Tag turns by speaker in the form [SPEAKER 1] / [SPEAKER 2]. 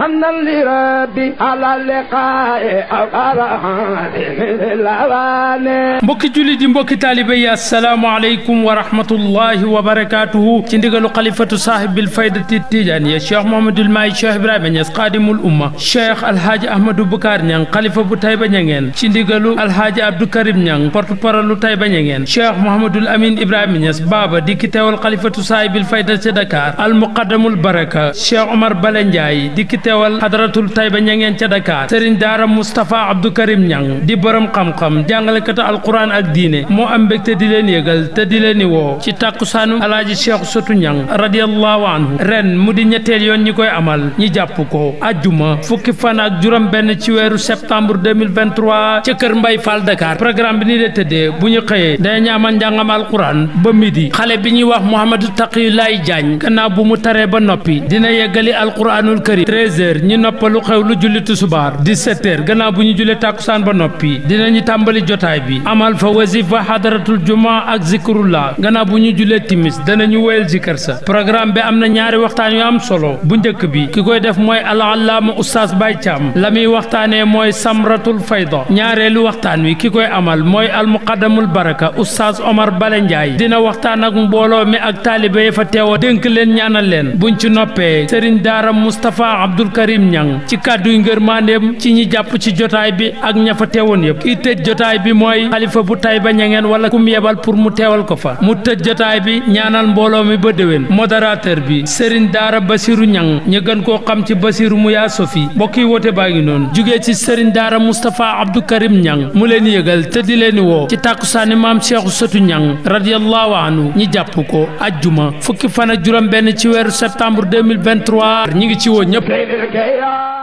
[SPEAKER 1] حمدا لربي على اللقاء مبكي جولي دي مبكي طالبي السلام عليكم ورحمه الله وبركاته تندغلو خليفه صاحب الفائده التيجان يا شيخ محمد الماي شيخ ابراهيم ياس قادم الامه شيخ الحاج احمد بكار نيان خليفه بو تايبا نيان تندغلو الحاج عبد الكريم نيان بورتو بارلو تايبا نيان شيخ محمد الامين ابراهيم ياس بابا ديكي تيول خليفه صاحب الفائده دكار المقدم البركه شيخ عمر بلنجاي ديكي tewal Hadratul Tayba ñangeen ca Dakar serigne dara mustafa Abdou Karim Ñang di borom xam-xam kata alquran ak diine mo am mbégte di len yegal te di len wo ci takusanu alaaji Cheikh Sotu Ñang radiyallahu anhu ren mu di ñetteel amal ñi pukau. ko aljuma fukki fan ak juram ben ci wéru septembre 2023 ci kër Mbay Fall Dakar programme bi ni de tedde bu ñu xeye dañu amal jangam alquran ba midi xale bi ñi wax taqi lay Diagne kana bu mu taree ba nopi dina yegali alquranul karim 16h ñu noppalu xew lu julli tusubaar 17h gannaaw bu ñu jullee tàkkusaan ba noppi dinañu tàmbali jotaay bi amal fa wasifa xadaratul juma ak zikrullah gannaaw bu ñu jullee timis danañu woyal zikar sa programme bi am na ñaari waxtaan yu am solo bu njëkk bi ki koy def mooy alallaama oustaz Baye Thiam la muy waxtaanee mooy samratul fayda ñaareelu waxtaan wi ki koy amal mooy almuqaddamul baraka oustaz Omar Bale Ndiaye dina waxtaan ak mbooloo mi ak taalibe Abdou Karim Niang ci kàdduy ngërmandeem ci ñi jàpp ci jotaay bi ak ña fa teewoon yëpp kii tëj jotaay bi mooy xalifa bu Tayba ñangeen wala ku mu yebal pour mu teewal ko fa mu tëj jotaay bi ñaanal mbooloo mi ba déwén modérateur bi Serigne Daara Basiru Niang ñu gën koo xam ci Basiru mu yaa fi mbokk yi woote baa ngi noonu jugee ci Serigne Daara Moustapha Abdou Karim Niang mu leen yëgal te di leen woo ci tàkkusaani maam Cheikhu Sëtu Niang radiyallahu anhu ñi jàpp ko ajjuma fukki fan ak benn ci weeru septembre 2023 ñi ngi ci woo yeah.